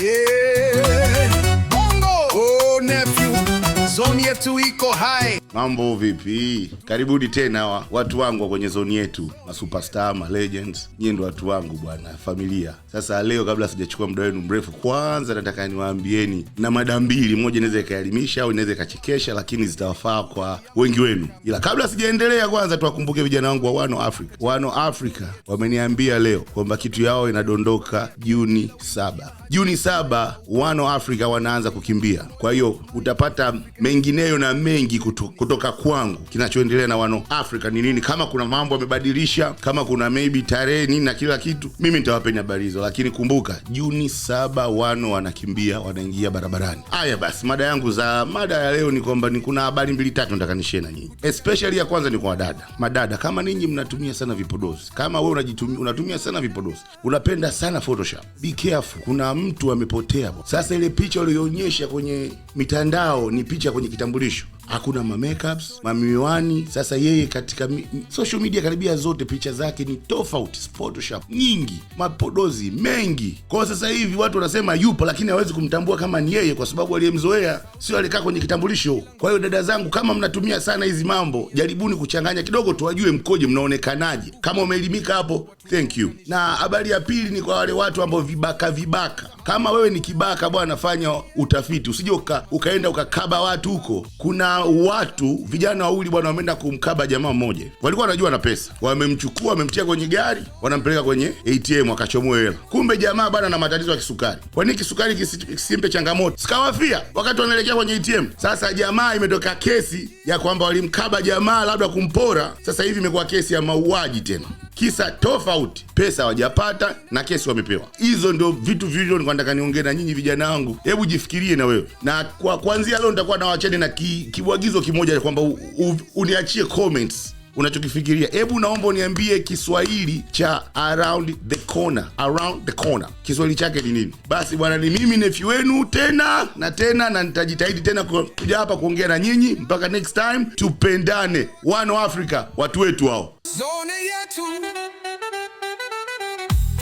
Yeah. yetu iko hai. Mambo vipi? Karibuni tena watu wangu kwenye zoni yetu, ma superstar, ma legends. Nyie ndo watu wangu bwana, familia. Sasa leo, kabla sijachukua muda wenu mrefu, kwanza nataka niwaambieni na mada mbili, moja inaweza ikaelimisha au inaweza ikachekesha, lakini zitawafaa kwa wengi wenu. Ila kabla sijaendelea, kwanza tuwakumbuke vijana wangu wa Wano Africa. Wano Africa wameniambia leo kwamba kitu yao inadondoka Juni saba. Juni saba Wano Africa wanaanza kukimbia, kwa hiyo utapata mengine mengineyo na mengi kutu, kutoka kwangu. Kinachoendelea na wano Africa ni nini, kama kuna mambo amebadilisha, kama kuna maybe tarehe nini na kila kitu, mimi nitawapenya habari hizo, lakini kumbuka Juni saba wano wanakimbia wanaingia barabarani. Haya basi, mada yangu za mada ya leo ni kwamba ni kuna habari mbili tatu nataka nishie na nyinyi, especially ya kwanza ni kwa wadada. Madada kama ninyi mnatumia sana vipodozi, kama wewe unajitumia unatumia sana vipodozi, unapenda sana Photoshop, be careful, kuna mtu amepotea. Sasa ile picha uliyoonyesha kwenye mitandao ni picha kwenye kitambulisho, hakuna mamakeups mamiwani. Sasa yeye katika social media karibia zote picha zake ni tofauti, photoshop nyingi, mapodozi mengi. Kwa sasa hivi watu wanasema yupo, lakini hawezi kumtambua kama ni yeye, kwa sababu aliyemzoea sio alikaa kwenye kitambulisho. Kwa hiyo dada zangu, kama mnatumia sana hizi mambo, jaribuni kuchanganya kidogo, tuwajue mkoje, mnaonekanaje. Kama umeelimika hapo, thank you. Na habari ya pili ni kwa wale watu ambao vibaka vibaka kama wewe ni kibaka bwana, fanya utafiti, usije uka, ukaenda ukakaba watu huko. Kuna watu vijana wawili bwana, wameenda kumkaba jamaa mmoja, walikuwa wanajua na pesa, wamemchukua wamemtia kwenye gari, wanampeleka kwenye ATM akachomoe hela. Kumbe jamaa bwana na matatizo ya kisukari. Kwa nini kisukari kisimpe changamoto? Sikawafia wakati wanaelekea kwenye ATM. Sasa jamaa, imetoka kesi ya kwamba walimkaba jamaa labda kumpora. Sasa hivi imekuwa kesi ya mauaji tena kisa tofauti, pesa hawajapata na kesi wamepewa. Hizo ndio vitu vilivyo niongee na nyinyi vijana wangu, hebu jifikirie na wewe na kwa kwanzia leo nitakuwa nawachane na ki, kibwagizo kimoja kwamba uniachie comments unachokifikiria hebu naomba uniambie Kiswahili cha around the corner. Around the corner Kiswahili chake ni nini? Basi bwana, ni mimi nefi wenu tena na tena, na nitajitahidi tena kuja hapa kuongea na nyinyi. Mpaka next time, tupendane. One Africa, watu wetu hao. زونه تو